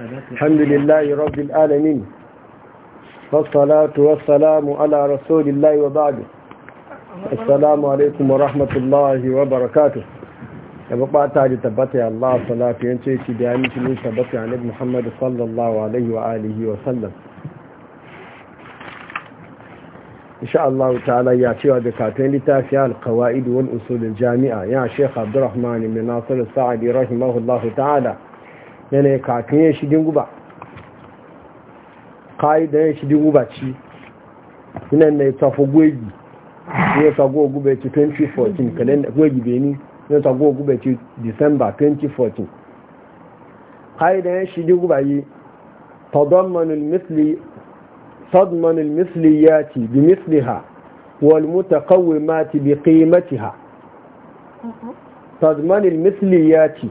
الحمد لله رب العالمين والصلاة والسلام على رسول الله وبعد السلام عليكم ورحمة الله وبركاته يبقى تعالي تبتي الله صلاة ينشيكي بياني شنو تبتي عن ابن محمد صلى الله عليه وآله وسلم إن شاء الله تعالى يأتيها بكاتين لتافيا القوائد والأصول الجامعة يا شيخ عبد الرحمن بن ناصر السعدي رحمه الله تعالى yana ya kakin ya shigin guba ƙa'idan ya shigin guba ci inan na ya tafi gwegi ya tago guba ci 2014 kalenda gwegi beni ya tago guba ci december 2014 ƙa'idan ya shigin guba yi misli misli ya ci bi ha kawai mati تضمن المثليات ha والمتقومات misli ya ci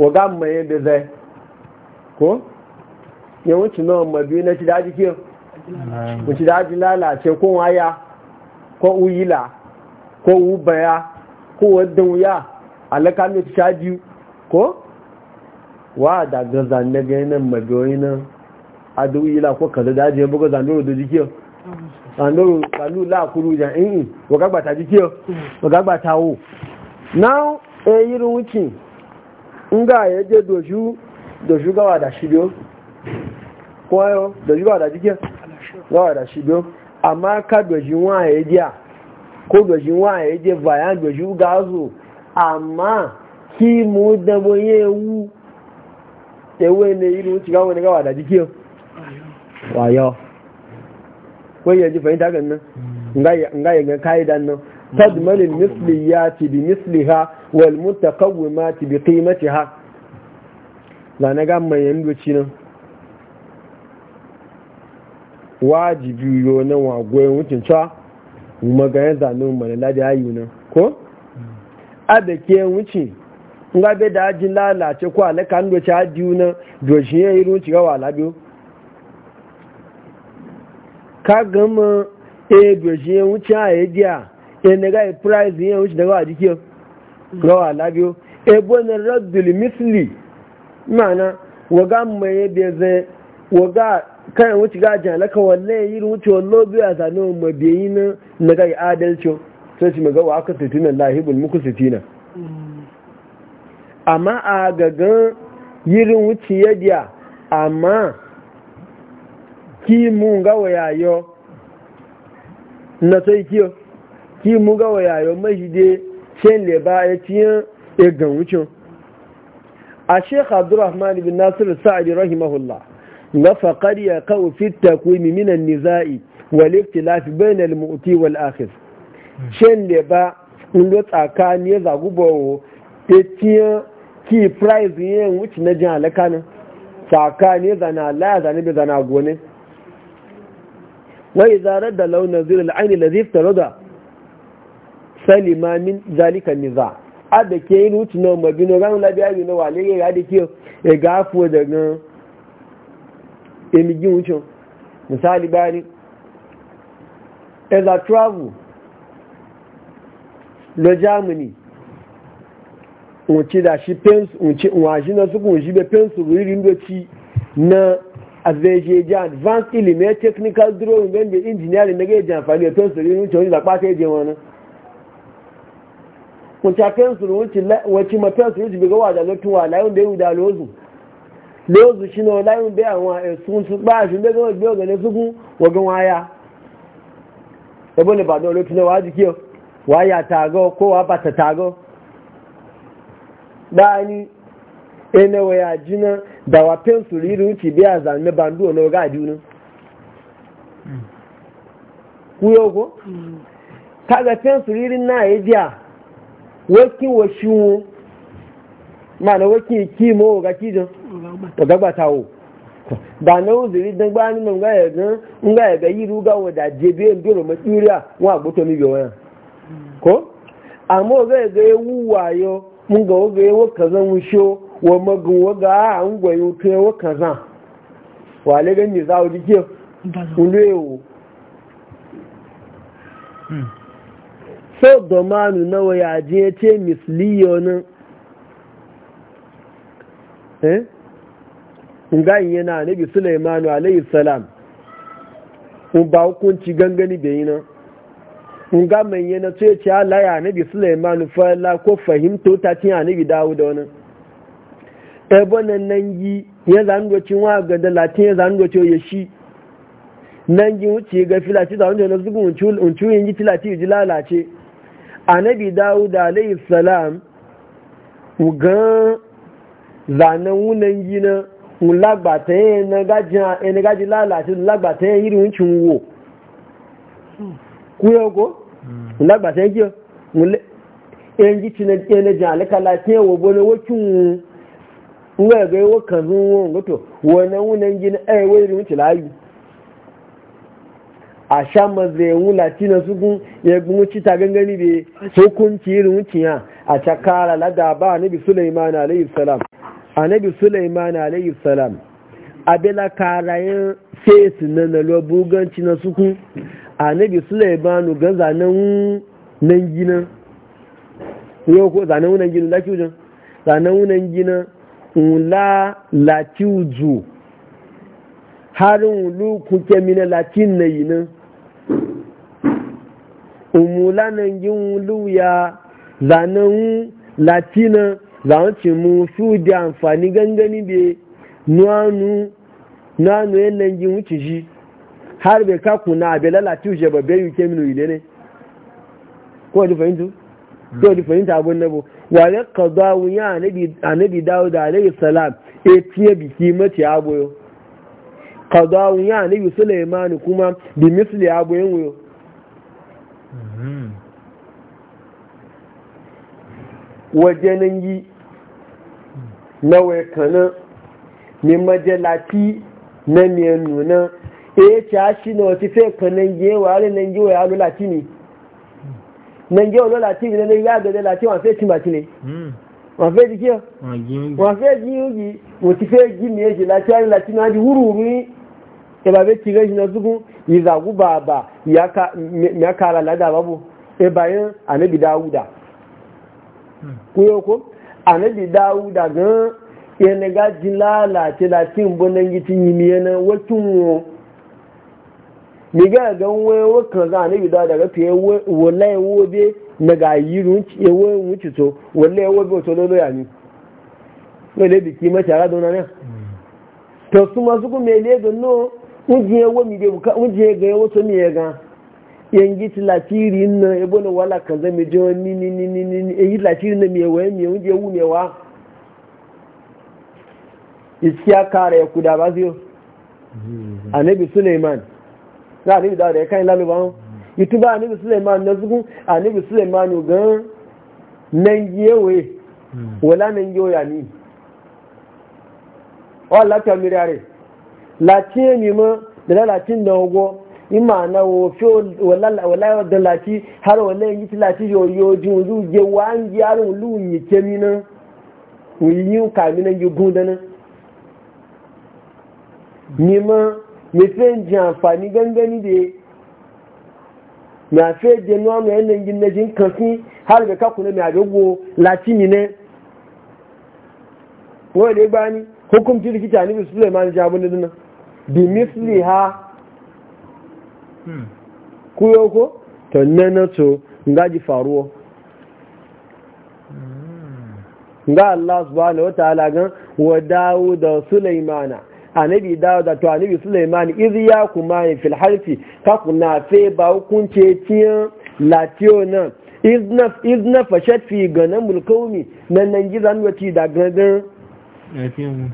waga mai da zai ko yawancin nawa mabi na ci daji kiyo ci daji lalace ko waya ko uyila ko ubaya ko wadda wuya alaka mai ko wa da gaza na ganin na wani uyila ko kaza daji ya buga zanuru da jikiyo zanuru kalu la'akuru ya? in'in eh, eh, waga gbata jikiyo hmm. waga gbata wo now a eh, yi wucin nga ya je doju doju gawa da shi biyo kwayo doju gawa da jike gawa da shi biyo amma ka doju wa ya je ko doju wa ya je bayan doju gazo amma ki mu dabo yewu ewe ne ilu ci gawa ne gawa da jike wayo kwayo ya ji fahimta ganin mm. nga ya ga ka'idan nan تضمن المثليات بمثلها والمتقومات بقيمتها لا نقام ما يمدوشنا wajibi yonan wa goyon wucin cewa maganin zanen manila da yayi nan ko? a ke wuce nga be da ji lalace ko alaka ndo cha diuna do shi ya iru ci ga wala biyo ka gama e do shi ya wuce a yana e price yin wuce daga a jikiyar rawa labiyo ebo na raddul misli mana waga mai yadda zai waga kan wuce ga e jalaka wale yi wuce wallo biya zanen mabiyayi e na na yi adalcin sai shi magawa aka sitina lahibul muku sitina amma a gagan yirin wuce yadda amma ki mun na kiyo kí mú gáwọ̀ yàyọ̀ mẹ́ṣídé ṣe lè bá ẹ tí yán egan wucin a sheikh abdurrahman ibn nasir sa'adi rahimahullah ga faƙari ya kawo fita kuni miminan niza'i wal iktilafi bayan al-mu'ti wal akhir shen le ba in lo tsakani ya zagubawo etiyan ki price yin wuce na jin halaka ne tsakani zana laya zane bai zana gone wai zarar da launin zirin ainihin lazif ta roda salima min zalika niza a da ke yi rutu na mabino ran labiya yi na wale ya da ke ya gafo daga emigin wucin misali bayani as i travel lo germany unci da shi pens unci unwaji na suku unci be pens riri ci na azejeji advanced ilimin technical drawing ben be engineering na ga eji amfani da pens riri ndoci wani da kpata je wani kunta pensụl wacce mafensuru ji biga wada lotuwa layun da yi da lozu lozu shi na layin da yawon e sun su ba shi da gama biyo gane suku wagan waya ebe ne ba don lotu na waji kiyo waya tago kowa bata tago dani ene waya jina da wa iri wuce biya zanne bandu na waga hmm. kuyo ko hmm. kaga na ya e biya wakin wa shiwu mana wakin ki mo ga kijin to gagba tawo da na uzuri dan gba ni nga ya ga nga ya ga yiru ga wada jebe ndoro maturiya wa gboto mi biyo ko amma ga ga wuwayo mun ga ga wa kazan wusho wa magun wa ga an gwayo te wa kazan wa le ga ni zawo dike ulewo so domanu na waya je ce misliyo nan eh ngayin yana nabi sulaimanu alayhi salam un ba hukunci gangani da yi na nga ga mai yana ce ce ala ya nabi sulaimanu fa'ala ko fahimto ta cin anabi dawo da wani ebe nan nan yi ya zangoci wa ga da latin ya zangoci ya shi nan yi wuce ga filati da wanda na zugun uncuyin yi filati ji lalace annabi dawud alayhi salam ga zanen wunan gina lagbata ya na gaji lalace lagbata ya yiri wuncin wo kuyo ko lagbata ya kiyo yan ji cinan ɗaya jan alikala ta yawa wani wakin wa ga yi wakan zuwa wato wani wunan gina aiwa eh, yiri wuncin layu a sha mazai wula tina su gun ya gungu cita gangani bai hukunci irin wuciya a cakara lada ba nabi suleiman alayhi salam nabi suleiman alayhi salam abela karayen fesu na na lobuganci na suku nabi suleiman ga zanen nan gina yau ko zanen wunan gina wujen zanen wunan gina wula lati wuzu harin wulu kuke mina latin na yi nan umula nan yin luya zanen latina zanen ci mu su da amfani gangani be nuwanu nanu yan nan yin wuce shi har bai kaku na abe lalata wuce babbe yi ke minu ile ne kowa di fahimtu kowa di fahimta abun nabo wa ya kaza wuya anabi dawo da alayhi salam e tiye biki mace aboyo kaza wuya anabi sulaimani kuma bi misli aboyin wuyo wajenin yi na waikanin ni majalati na mai nuna e ce a shi na wasu fai kanan yi wa yare nan yi wa yaro ne nan yi wa yaro ne na nan ya gada lati wa fai cimaki ne hmm. wa fai jikiya wa fai ji yi ti fai ji ne ya ji lati yaro lati na ji huru ne e ba fai cire shi na zugun yi zagu ba ba ya kara lada babu e bayan anabi dawuda kuyo ko annabi dawu daga yana gaji lalace da cin bunan gitin yi miye na wakin wo ni ga ga we wakan a annabi dawu daga fiye wallahi wobe na ga yi runci ya wo wuce to wallahi wobe to lolo ya ni wale biki mata ra dona ne mm. to su ma su ku mele ga no unje wo mi de unje ga wo to mi ga yangi ti latiri na ebo na wala kaza mi je ni ni ni ni ni èyí latiri na mi ewe mi oúnjẹ wù iskiya kare ku da baziyo anabi suleiman na anabi da da kan lalu ba yutuba anabi suleiman na zugun anabi suleiman gan nan yewe mm-hmm. wala nan yoya ni wala ta mirare latin mi ma da latin da ogo ima na wo fi wala da lati har wala yi ti lati yo yo jin lu je wa an ji arun lu yi kemi na yi yi ka mi na yi gun dana ni ma me fe ji àǹfààní gangani de na fe je no no en ngin na jin kan fi har ga ka kuna mi adogo lati ni ne wo le gbani hukunci likita ni bi Suleiman jabun dinna bi misli ha Hmm. kuyo ko to nana to ngaji faruwa hmm. Nga Allah subhanahu wa ta'ala gan wa Dawud da Sulaimana anabi Dawud da to anabi Sulaiman iz ya kuma fil harfi ka kuna fe ba hukunce tiyan latiyo nan izna izna fashat fi ganin na nan gizan wati da gadan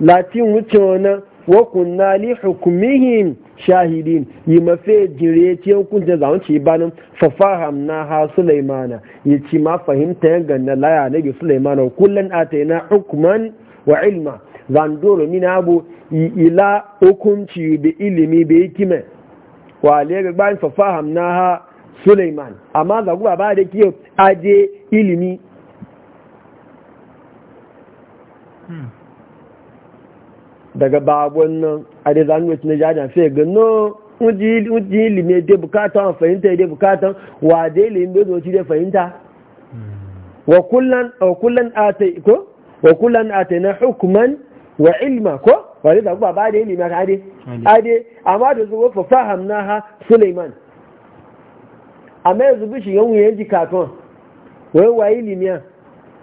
latin wuce na wa kunna li hukumihim shahidin yi mafe jire ce hukuncin zaun ci banin fafaham na ha sulaimana ya ci ma fahimta yan ganna laya na bi sulaimana kullum a ta hukuman wa ilma doro mina abu ila hukunci da ilimi da hikima wa alega bayan fafaham na ha sulaiman amma za ba ba da kiyo aje ilimi hmm. daga babon nan a da zanuwa na jajan sai ga no uji ilimi dai bukata wa fahimta dai bukatan wa dai ilimin bai zoci dai fahimta wa kullan atai ko wa kullan atai na hukuman wa ilma ko wa dai zaku ba da ilimi ka ade ade amma da zuwa fa fahamna ha Suleiman amma yanzu bishi yan wuyan jikaton wai wa ilimiya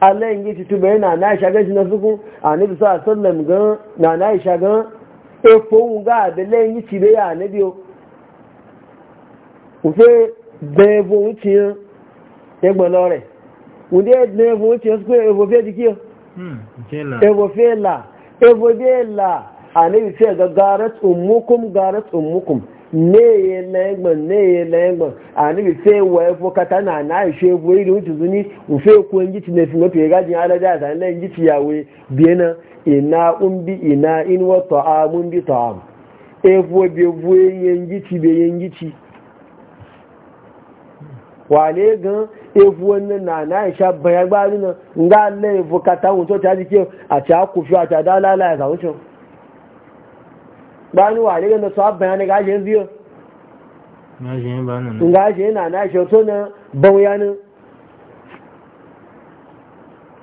Allah yin gici tuba yana na shagan shi na suku a nabi sa sallam gan na na isha gan efo ga abele yin yi be ya nabi o ufe bevo wuce yin egbe lore wunde bevo wuce suku evo fe ki? o evo fe la evo fiye la a nabi fe ga garat umukum garat umukum neye lẹ́gbọ̀n neye lẹ́gbọ̀n àníbi fẹ́ wọ ẹfọ kata na náà ṣe ewu eré oúnjẹ tó ní nfẹ́ kú ẹnjí ti nẹ̀fì lọ́pẹ̀ ẹ̀gá jìn alẹ́dẹ́ àtà ńlẹ́ wee ti na ìná ńbí ìná inúwọ́ tọ́ àmú ńbí tọ́ àmú ewu ebi ewu ẹnjí ti bẹ ẹnjí ti. na gan ewu ẹni na náà na kata ti ti bani wa daga na swab bayani ga ajiyar biyu ga ajiyar na na shi to na bauyanin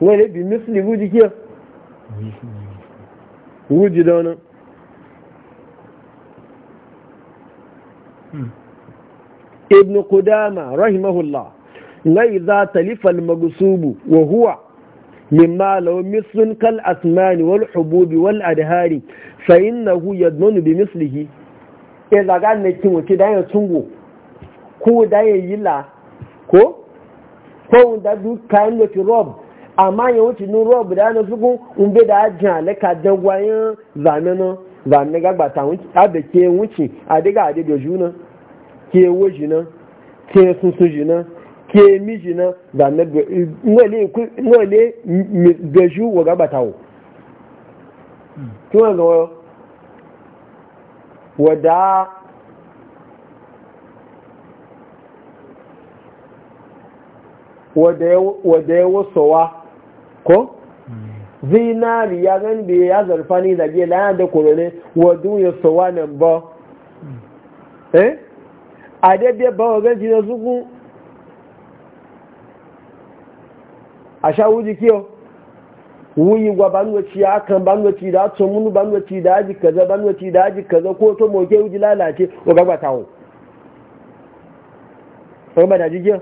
wani bi misli wuji kiyar wuji da wani ibn kudama rahimahullah na iza talifal magusubu wa huwa مما لو مثل كالأثمان والحبوب والأدهار فإنه يضمن بمثله إذا قال وكي وكذا تنغو كو داي يلا كو كو دا كاين لكي روب أما يوتي نو روب دا سوكو ونبي دا جان لكا أدنغوين زامنا zane gagba ta wuce abe ke wuce a daga ade جونا كي ke كي jina ke ke miji na da na nwale gaju wa gabatawo kí wọ́n ga wada wọ̀dá ẹwọ́ wa ko zinari ya gan da ya zarfa ni zage lana da korone wadu ya sowa nan ba eh a daidai ba wa gan jina zukun a sha kiyo wuyi gwa banwaci ya kan banwaci da tun munu banwaci da aji kaza banwaci da aji kaza ko to ke wuji lalace o gaba tawo ko ba da jigiyo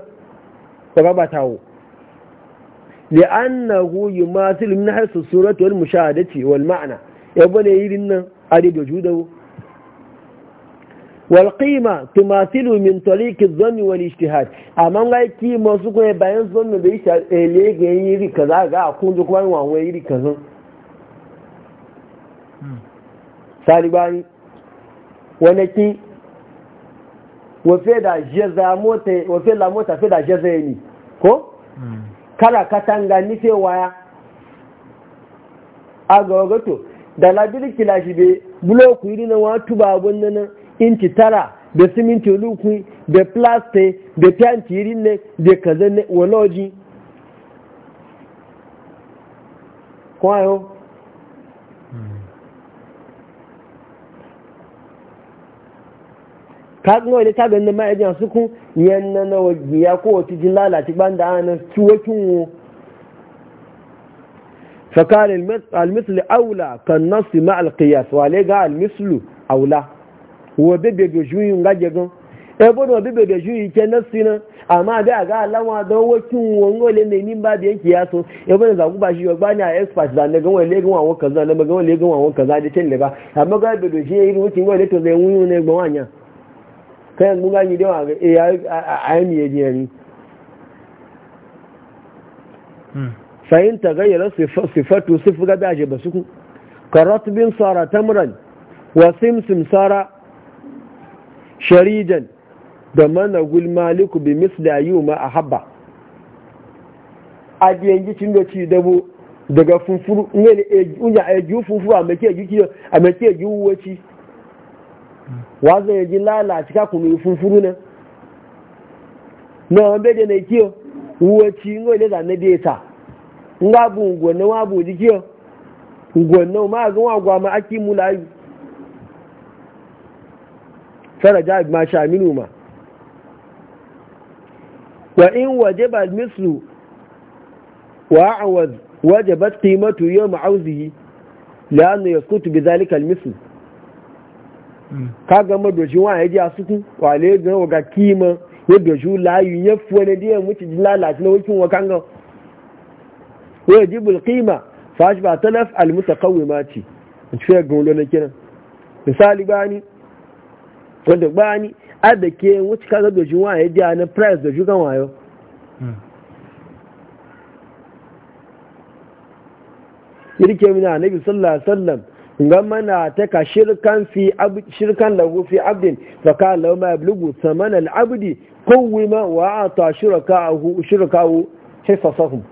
ko gaba tawo annahu yumathilu min hasu surati wal mushahadati wal ma'na yabo e ne yirin nan ade da judawo والقيمه تماثل من طريق الظن والاجتهاد اما لا قيمة سكوه بين الظن بيش إليك يري كذا غا أكون جوكوان وانوه يري كذا سالي باني ونكي وفيدا جزا موتا وفيدا موتا فيدا جزيني كو kala كاتانغاني في waya اغوغتو ga كلاشي بي بلوكو يري نوا تبابون iri inci tara da siminti lukwi da plaste da fyanci rinne da kaza ne, waloji kwayo kakin wani ta ganin ma'ajin suku yana na wajiya ko wata jin lalace ban da ana ciwokin wo fakar almisli aula kan nasu ma'alƙiyas wale ga almislu aula wo bebe do juyi nga jegon e no bebe ke na sina amma da ga lawa don wakin wongo le ne ba da yake ya so e ya za ku ba shi yo ni a expert da ne gwan le gwan won kaza ne gwan le gwan won kaza tin le ba amma ga bebe do juyi irin wakin gwan le to zai wuni ne gwan wanya e ni wa e a ni sharijan da mana gulmaliku bi misla yi ma a haba a biyan gicin da ci dabo daga funfuru unya a yi funfuru a maki a yi wuwaci wazan yaji lalaci ka kuma yi funfuru na. na wambe da na kiyo wuwaci ngo ile zane da ya ta nga bu ngwanna wa bu jikiyo ngwanna ma ga wa gwa ma aki mulayu faraja ma sha minu ma wa in waje wajaba mislu wa a waje ba ma wajabat qimatu yawm auzihi la'anna yasqutu bi dhalika al hmm. Ka gama madojin wa ya ji a yaji asukun wale ga ga kima ya doju layu ya fi wani da ya mutu lalace na wakin wa kanga wa yajibu al-qima fa ta talaf al-mutaqawwimati ce ga lona kiran misali bani wanda gbani a da ke wuce kaga dojin wa ya jiya na price da jugan wayo yirke mina nabi sallallahu alaihi wasallam gamana ta ka shirkan fi shirkan lahu fi abdin fa ka law ma yablugu thamana al abdi qawma wa ata shirkahu shirkahu hisasahum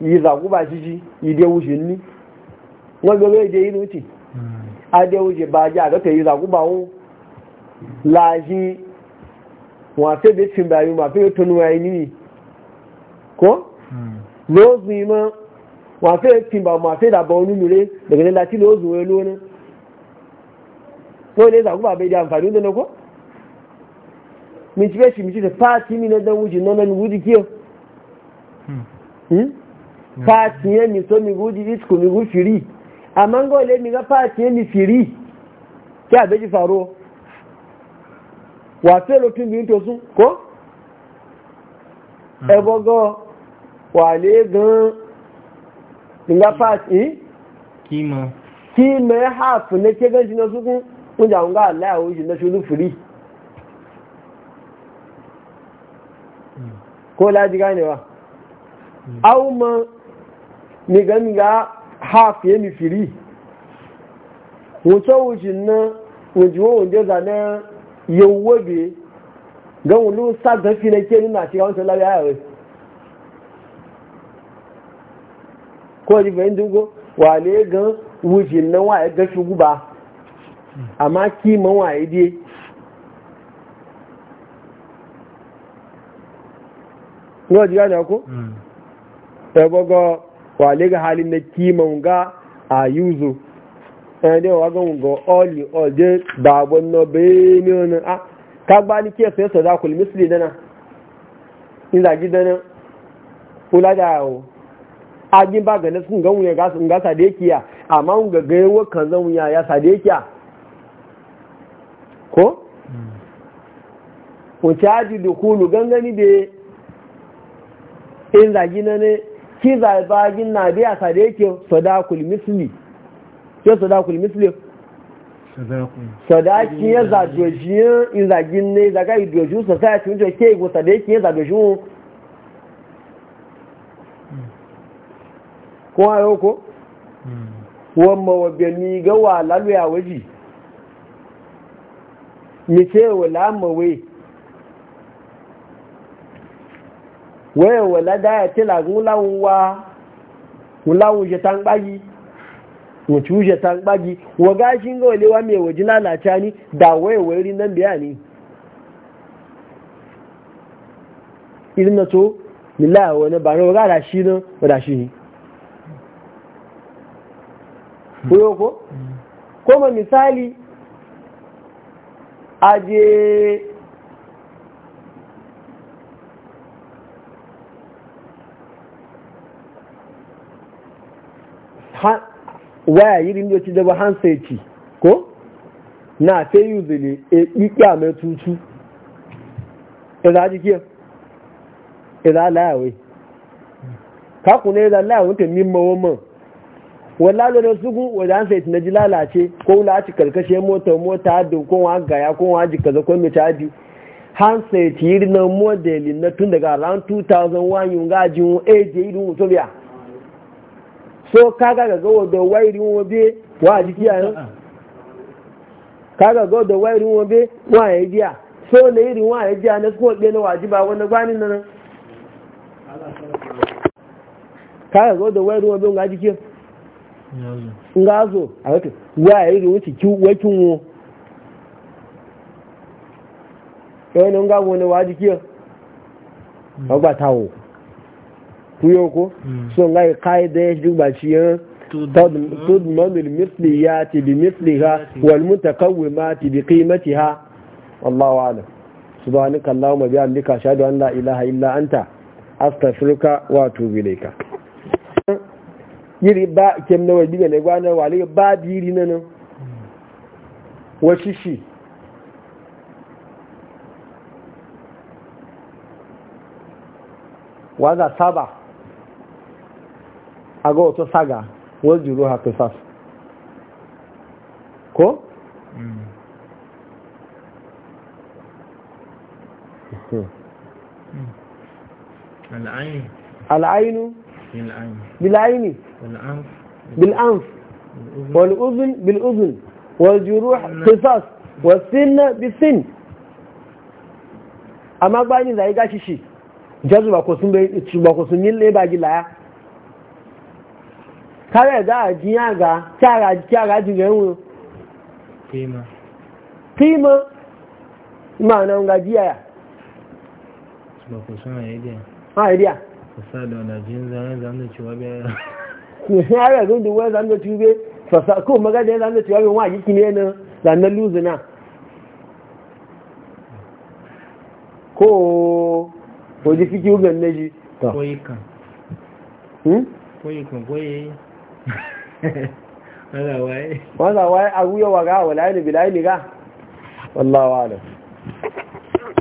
yiza guba jiji yide wujinni ngo gobe de yinuti ade wuje hmm. baja ga te yiza guba wo laji wafe da cin bayu mafi yato nuwa yi nini ko? Hmm. lozu yi ma wafe da cin bayu mafi da bawonu nure daga nan lati lozu wani lona ko ne zaku ba bai da amfani da na ko? min ci shi mici da fati mi na dan wuji na nan wuji kiyo hmm. Hmm? fati ya mi so mi wuji isku mi wuji firi amma ngole mi ga fati ya mi firi ki abeji faro wà tí èlò tí mi tó sún kó hmm. ẹgbọ́gọ́ wà lé gan nígbà pàtí kí mẹ́ hàfù ní kégan jiná súnkún oúnjẹ àwọn gáà láàwó jiná ṣúlú fìrí hmm. kó láti gánewa áwọ́ mọ́ nígbàmígbà hàfù yẹ́ fìrí wọ́n tó wùjì náà wùjì yawwa be gan wulu sa gafi na ke na shiga wancan labi a yawai ko ji bayan dugo wale gan wujin nan waye gafi guba amma kiman waye dai Ngo ji gane ku? Ta hmm. bago wale ga halin na kiman ga a yuzu ẹni ọwọ́ agbóhùn gan ọ́ọ̀lì ọ̀dẹ́ bàbọ̀ náà bẹ́ẹ̀ ní ọ̀nà a kágbá ní kí ẹ̀sẹ̀ sọ̀dá kò lè mísìlì dáná ìlàjí dáná ó ládà o ajin ba ga nasu amma un ga gayen wakan zan wuya ya ko ko hmm. caji da kulu gangani da in na ne ki zai na biya sadekiya sadakul ke sadakul misli sadaki ya zadojiyar izagin ne zaga idojiyar society wajen ke igbo sadaki ya zadojiyar kuma yau hmm. ko? wọn mawabe ni ga wa lalwe waji mi ce wa lamawe waya wala da ya ce lagun lawun wa wulawun shi tan bayi wacce wuce ta bagi wa gashin ga walewa mai waje lalata ni da waye wayari nan biya ni irin na to lillahi wani ba wa gara shi nan ba da shi kuyo ko kuma misali aje ha waya yirin da ci daba hansa ci ko na fe yi zile e ƙiƙya mai tutu ila e jikiya ila layawai kaku ne ila layawai ta mimma waman wala lona sugu wadda hansa ya e e na ji lalace ko wula a ci karkashe mota mota haddin ko wa gaya ko wa ji kaza ko mai caji hansa ya ci yirin na modeli na tun daga around 2001 yunga ajiyun eje irin utopia so kaga ga gawo da wairi wobe wa jiki a yan kaga gawo da wairi wobe wa e ya biya so na irin wa e ya yi biya na suko ɗaya na wajiba wani gwani nan kaga gawo da wairi wobe wa jiki nga zo a wato wa ya yi wuce wakin wo ɗaya na e nga wani wa jiki a gbatawo kuyo ko hmm. so ngai qaida ya juba shi yan hmm. tudman bil misliyati bi misliha wal mutakawwimati bi qimatiha wallahu a'lam subhanaka allahumma bihamdika ashhadu an la ilaha illa anta astaghfiruka wa atubu ilayka yiri ba kem na wadi ne wa wali ba biri nan washi shi waza saba aga wato saga wani jiro haka sas ko? Hmm. al'ainu bil'aini bil'anf wal'uzun bil'uzun waljuru kisas wasinna bisin amma gbani zai gashi shi jazu ba ko sun yi leba gilaya kare za a ga kyara kyara ji ga yawon kima kima ma'ana ga jiya ya ba ku san idea ha idea fasa da wani jin zane zane cewa biya ya ga gundu wani zane cewa biya fasa ko magana ya zane cewa biya wa jiki ne na zanen na ko ko ji fiki ugan na ji ta koyikan koyikan koyikan wazawaye a wuya waga wa la'ili bi ni ga wallawa alam